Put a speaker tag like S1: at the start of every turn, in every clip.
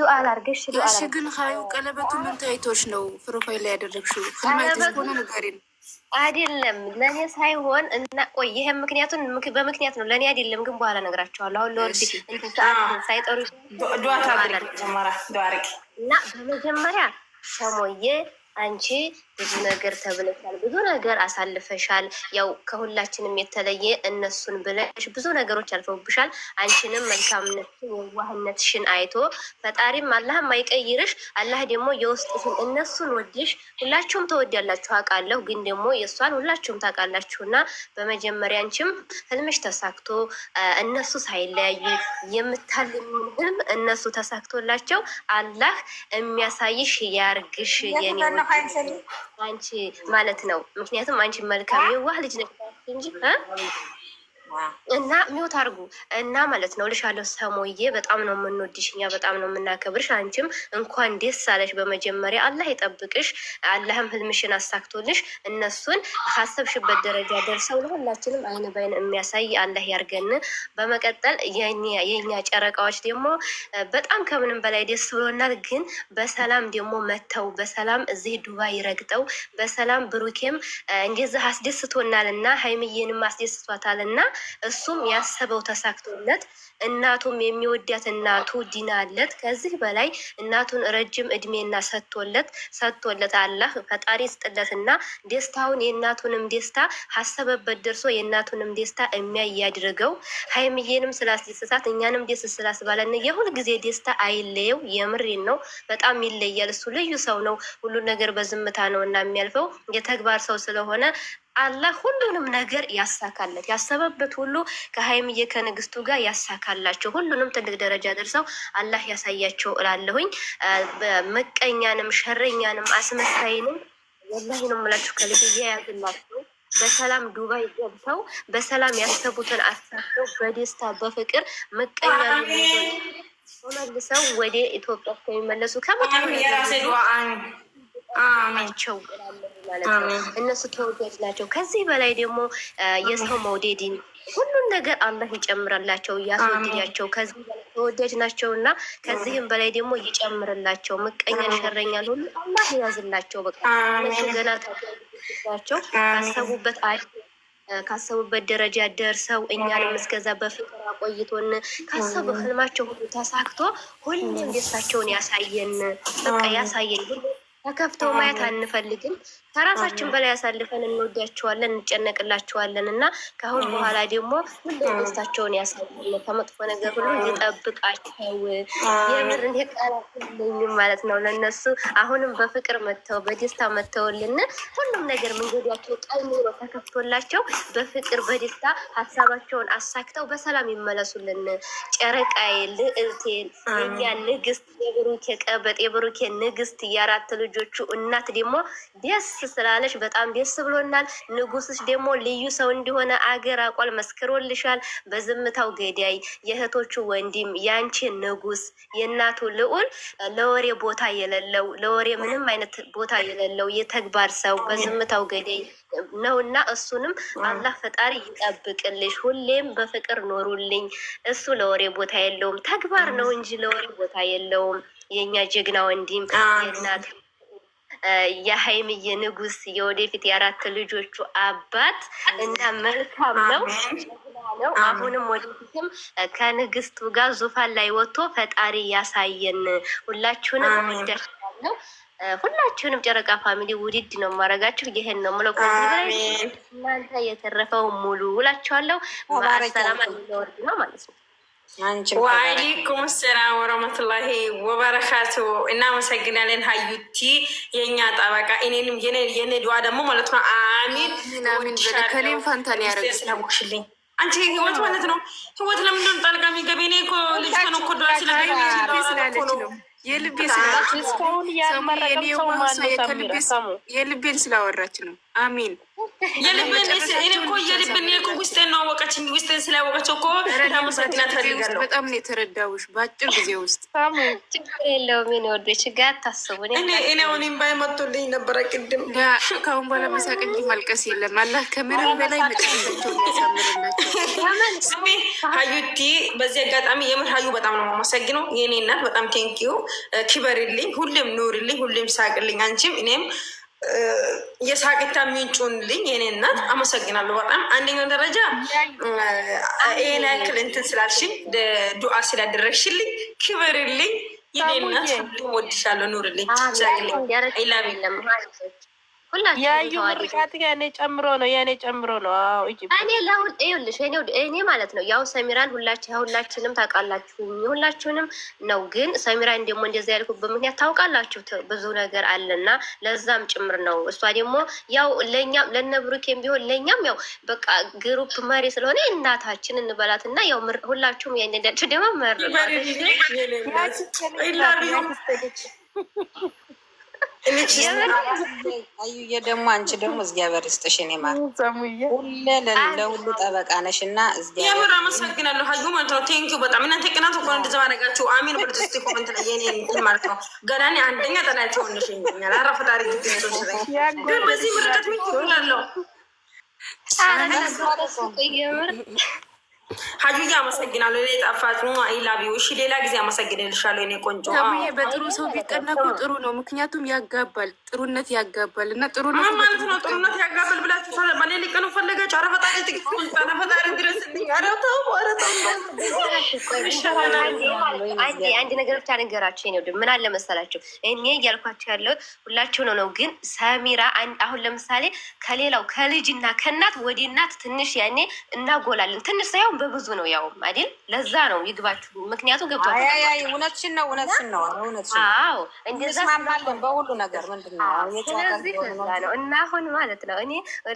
S1: ዱአ ላድርግሽ።
S2: እሺ፣ ግን ሀዩ ቀለበቱ ምን ታይቶች ነው ፕሮፋይል ላይ ያደረግሽው? ፍልማይቶች ሆነ ንገሪን።
S1: አይደለም ለእኔ ሳይሆን እና ቆይ፣ ይህም ምክንያቱን በምክንያት ነው ለእኔ አይደለም፣ ግን በኋላ እነግራቸዋለሁ። አሁን ለወርድ ሳይጠሩ እና በመጀመሪያ ሰሞዬ አንቺ ብዙ ነገር ተብለሻል፣ ብዙ ነገር አሳልፈሻል። ያው ከሁላችንም የተለየ እነሱን ብለሽ ብዙ ነገሮች አልፈውብሻል። አንቺንም መልካምነት የዋህነትሽን አይቶ ፈጣሪም አላህም አይቀይርሽ። አላህ ደግሞ የውስጥሽን እነሱን ወድሽ ሁላችሁም ተወዳላችሁ አውቃለሁ፣ ግን ደግሞ የእሷን ሁላችሁም ታውቃላችሁና በመጀመሪያ አንቺም ህልምሽ ተሳክቶ እነሱ ሳይለያዩ የምታልሚውን ህልም እነሱ ተሳክቶላቸው አላህ የሚያሳይሽ ያርግሽ የኔ አንቺ ማለት ነው። ምክንያቱም አንቺ መልካም የዋህ ልጅ ነሽ እንጂ እና ሚውት አርጉ እና ማለት ነው ልሻለሁ። ሰሞዬ በጣም ነው የምንወድሽ እኛ በጣም ነው የምናከብርሽ። አንቺም እንኳን ደስ አለሽ። በመጀመሪያ አላህ ይጠብቅሽ፣ አላህም ህልምሽን አሳክቶልሽ እነሱን ካሰብሽበት ደረጃ ደርሰው ለሁላችንም አይን ባይን የሚያሳይ አላህ ያርገን። በመቀጠል የእኛ ጨረቃዎች ደግሞ በጣም ከምንም በላይ ደስ ብሎናል። ግን በሰላም ደግሞ መተው በሰላም እዚህ ዱባይ ረግጠው በሰላም ብሩኬም እንደዚህ አስደስቶናል እና ሀይምዬንም አስደስቷታል እና እሱም ያሰበው ተሳክቶለት እናቱም የሚወዳት እናቱ ዲናለት ከዚህ በላይ እናቱን ረጅም እድሜና ሰጥቶለት ሰጥቶለት አላህ ፈጣሪ ስጥለትና ደስታውን የእናቱንም ደስታ ሀሰበበት ደርሶ የእናቱንም ደስታ የሚያያድርገው ሀይምዬንም ስላስደሰታት እኛንም ደስ ስላስባለን የሁል ጊዜ ደስታ አይለየው። የምሬን ነው። በጣም ይለያል። እሱ ልዩ ሰው ነው። ሁሉ ነገር በዝምታ ነው እና የሚያልፈው የተግባር ሰው ስለሆነ አላህ ሁሉንም ነገር ያሳካለት ያሰበበት ሁሉ ከሀይምዬ ከንግስቱ ጋር ያሳካላቸው ሁሉንም ትልቅ ደረጃ ደርሰው አላህ ያሳያቸው እላለሁኝ። ምቀኛንም ሸረኛንም አስመሳይንም ወላሂ ነው የምላችሁ ከልጅ እያያዝላችሁ በሰላም ዱባይ ገብተው በሰላም ያሰቡትን አሳቸው በደስታ በፍቅር ምቀኛ ተመልሰው ወደ ኢትዮጵያ ከሚመለሱ
S2: ከመቶ ነገር
S1: ናቸው እላለሁ። ማለት ነው። እነሱ ተወዳጅ ናቸው። ከዚህ በላይ ደግሞ የሰው መውደድን ሁሉን ነገር አላህ ይጨምረላቸው፣ እያስወድያቸው ከዚህ በላይ ተወዳጅ ናቸው እና ከዚህም በላይ ደግሞ ይጨምርላቸው። ምቀኛ ሸረኛል ሁሉ አላህ ያዝላቸው። በቃ እነሱ ገና ቸው ካሰቡበት አይ ካሰቡበት ደረጃ ደርሰው እኛንም እስከዛ በፍቅር አቆይቶን ካሰቡ ህልማቸው ሁሉ ተሳክቶ ሁሉም ደስታቸውን ያሳየን፣ በቃ ያሳየን። ተከፍተው ማየት አንፈልግም። ከራሳችን በላይ አሳልፈን እንወዳቸዋለን፣ እንጨነቅላቸዋለን እና ከአሁን በኋላ ደግሞ ሁሉም ደስታቸውን ያሳያል። ከመጥፎ ነገር ሁሉ ይጠብቃቸው። የምር ቃላትልኝም ማለት ነው ለነሱ አሁንም በፍቅር መጥተው በደስታ መጥተውልን ሁሉም ነገር መንገዳቸው ቀኝ ተከፍቶላቸው በፍቅር በደስታ ሀሳባቸውን አሳክተው በሰላም ይመለሱልን። ጨረቃዬ፣ ልዕልቴ፣ የኛ ንግስት፣ የብሩኬ ቀበጥ፣ የብሩኬ ንግስት፣ የአራት ልጆቹ እናት ደግሞ ደስ ስላለሽ በጣም ደስ ብሎናል። ንጉስሽ ደግሞ ልዩ ሰው እንዲሆነ አገር አቋል መስክሮልሻል። በዝምታው ገዳይ የእህቶቹ ወንድም ያንቺ ንጉስ የእናቱ ልዑል ለወሬ ቦታ የሌለው ለወሬ ምንም አይነት ቦታ የሌለው የተግባር ሰው በዝምታው ገዳይ ነውና እሱንም አላህ ፈጣሪ ይጠብቅልሽ። ሁሌም በፍቅር ኖሩልኝ። እሱ ለወሬ ቦታ የለውም፣ ተግባር ነው እንጂ ለወሬ ቦታ የለውም። የእኛ ጀግና ወንድም የእናት የሀይምዬ ንጉስ የወደፊት የአራት ልጆቹ አባት እና መልካም ነው ነው አሁንም ወደፊትም ከንግስቱ ጋር ዙፋን ላይ ወጥቶ ፈጣሪ ያሳየን። ሁላችሁንም ወዳችኋለሁ። ሁላችሁንም ጨረቃ ፋሚሊ ውድድ ነው ማረጋችሁ። ይህን ነው ምለው ከዚህ እናንተ የተረፈው ሙሉ ውላችኋለሁ። በሰላም ነው
S2: ማለት ነው። ዋአሌይኩም ሰላም ወረመቱላሂ ወበረካቱ። እናመሰግናለን ሀዩቲ የእኛ ጠበቃ፣ የኔ ድዋ ደግሞ ማለት ነው። አሚን
S1: ከሌም ፈንታን
S2: ያደረግስለሙሽልኝ አንቺ ህይወት ማለት ነው። ህይወት ለምንድን ጣልቃ የሚገቢ እኔ እኮ ልጅ ከነ እኮ ድዋ ስለሆነ የልቤን ስላወራች ነው። አሚን የልብን እኮ የልብን እኮ ውስጤን ነው አወቀችኝ። ውስጤን ስላወቀችው እኮ
S1: በጣም ነው የተረዳሁሽ በአጭር ጊዜ ውስጥ። ችግር የለውም የኔ ወዶች፣ ችግር አታስቡ።
S2: እኔ አሁንም ባይ መጥቶልኝ ነበረ ቅድም።
S1: ከአሁን በኋላ መሳቅ እንጂ ማልቀስ የለም። አላህ ከምንም በላይ መጨረሻቸው
S2: ሀዩቲ፣ በዚህ አጋጣሚ የምር ሀዩ በጣም ነው የማመሰግነው የኔ እናት። በጣም ቴንኪዩ። ክበርልኝ፣ ሁሌም ኑርልኝ፣ ሁሌም ሳቅልኝ። አንቺም እኔም የሳቅታ የሚንጩንልኝ የኔ እናት አመሰግናለሁ በጣም አንደኛው ደረጃ ይሄን ያክል እንትን ስላልሽኝ ዱዓ ስላደረግሽልኝ ክብርልኝ የኔ እናት ወድሻለሁ ኑርልኝ ይላም
S1: ያዩ ምርቃት ያኔ ጨምሮ ነው ያኔ ጨምሮ ነው። እኔ ለሁን ይኸውልሽ እኔ ማለት ነው ያው ሰሚራን ሁላችንም ታውቃላችሁ፣ ሁላችሁንም ነው። ግን ሰሚራን ደግሞ እንደዚ ያልኩበት ምክንያት ታውቃላችሁ፣ ብዙ ነገር አለና ለዛም ጭምር ነው። እሷ ደግሞ ያው ለእኛም ለነብሩኬም ቢሆን ለእኛም ያው በቃ ግሩፕ መሪ ስለሆነ እናታችን እንበላት እና ያው ሁላችሁም ያንዳችሁ
S2: ደግሞ መር አዩዬ ደግሞ አንቺ ደግሞ እግዚአብሔር ይስጥሽ። እኔ ማለት ሁሌ ለሁሉ ጠበቃ ነሽ እና እግዚአብሔር አመሰግናለሁ። ሀዩ ማለት ነው። ቴንኪው በጣም እናንተ ቅናት እኮ እንደዛ ማድረጋችሁ አሜን ብሎ እስኪ ኮመንት ላይ የኔ እንትን ማለት ነው። ገና እኔ አንደኛ ጠላቸው ሆነሽ ይኛል። ፈጣሪ ግትነቶች በዚህ ምርቀት ሚችላለሁ ሳረ ሀጁዬ አመሰግናለሁ። እኔ ጠፋት ይላቢው። እሺ ሌላ ጊዜ አመሰግንልሻለሁ። እኔ ቆንጆ
S1: በጥሩ ሰው ቢቀናቁ ጥሩ ነው፣ ምክንያቱም ያጋባል። ጥሩነት ያጋባል
S2: እና ጥሩ ነው ማለት ነው። ጥሩነት ያጋባል ብላችሁ በሌሊት ቀኑ ፈለጋችሁ። ኧረ ፈጣሪ ትግስት፣ ኧረ ፈጣሪ ድረስልኝ፣ ኧረ
S1: አንድ ነገር ብቻ ነገራቸው ነው። ምን አለ መሰላቸው እኔ እያልኳቸው ያለው ሁላቸው ነው ነው። ግን ሰሚራ አሁን ለምሳሌ ከሌላው ከልጅ እና ከእናት ወደ እናት ትንሽ ያኔ እናጎላለን። ትንሽ ሳይሆን በብዙ ነው ያው አይደል? ለዛ ነው ይግባችሁ። ምክንያቱም
S2: ገብቷል። እውነትሽን ነው፣ እውነትሽን ነው፣ እውነትሽን ነው። እንደዛ በሁሉ ነገር ምንድን
S1: ነው እና አሁን ማለት ነው እኔ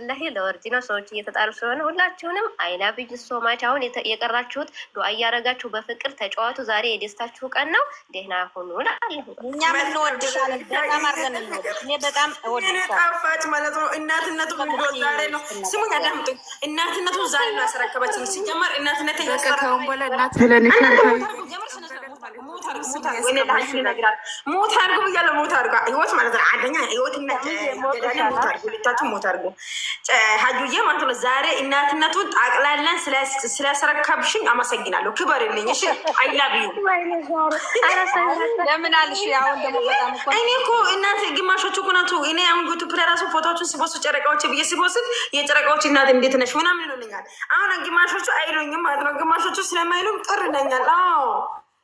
S1: ለሄ ለወርጂ ነው ሰዎች እየተጣሉ ስለሆነ ሁላችሁንም አይናብይ ሶማች አሁን የቀራችሁ ያላችሁት ዱዓ እያረጋችሁ በፍቅር ተጫዋቱ። ዛሬ የደስታችሁ ቀን ነው። ደህና ሁኑ። እኛም እንወድሻለን በጣም አርገን እንወድ። በጣም
S2: ጣፋጭ ማለት ነው። እናትነቱ ዛሬ ነው። ስሙኝ አዳምጡኝ። እናትነቱ ዛሬ ነው ስሙ አዳምጡኝ እናትነቱ ዛሬ ነው ያስረከበችን ሲጀመር እናትነት ያስረከበ ሞት አድርጉ እያለ ሞት አድርጉ ህይወት ማለት ነው። አንደኛ ህይወት ሞት አድርጉ ሀጁዬ ማለት ነው። ዛሬ እናትነቱን ጣቅላለን ስለሰረከብሽኝ አመሰግናለሁ። ክበርልኝ። እሺ አይላብዩ እኔ እኮ እናት ግማሾቹ እኮ ናቸው። እኔ አሁን ዩቱብ ላይ ራሱ ፎቶዎችን ስቦስ ጨረቃዎች ብዬ ስቦስት የጨረቃዎች እናት እንዴት ነሽ ምናምን ይሉልኛል። አሁን ግማሾቹ አይሉኝም ማለት ነው። ግማሾቹ ስለማይሉም ቅር ይለኛል። አዎ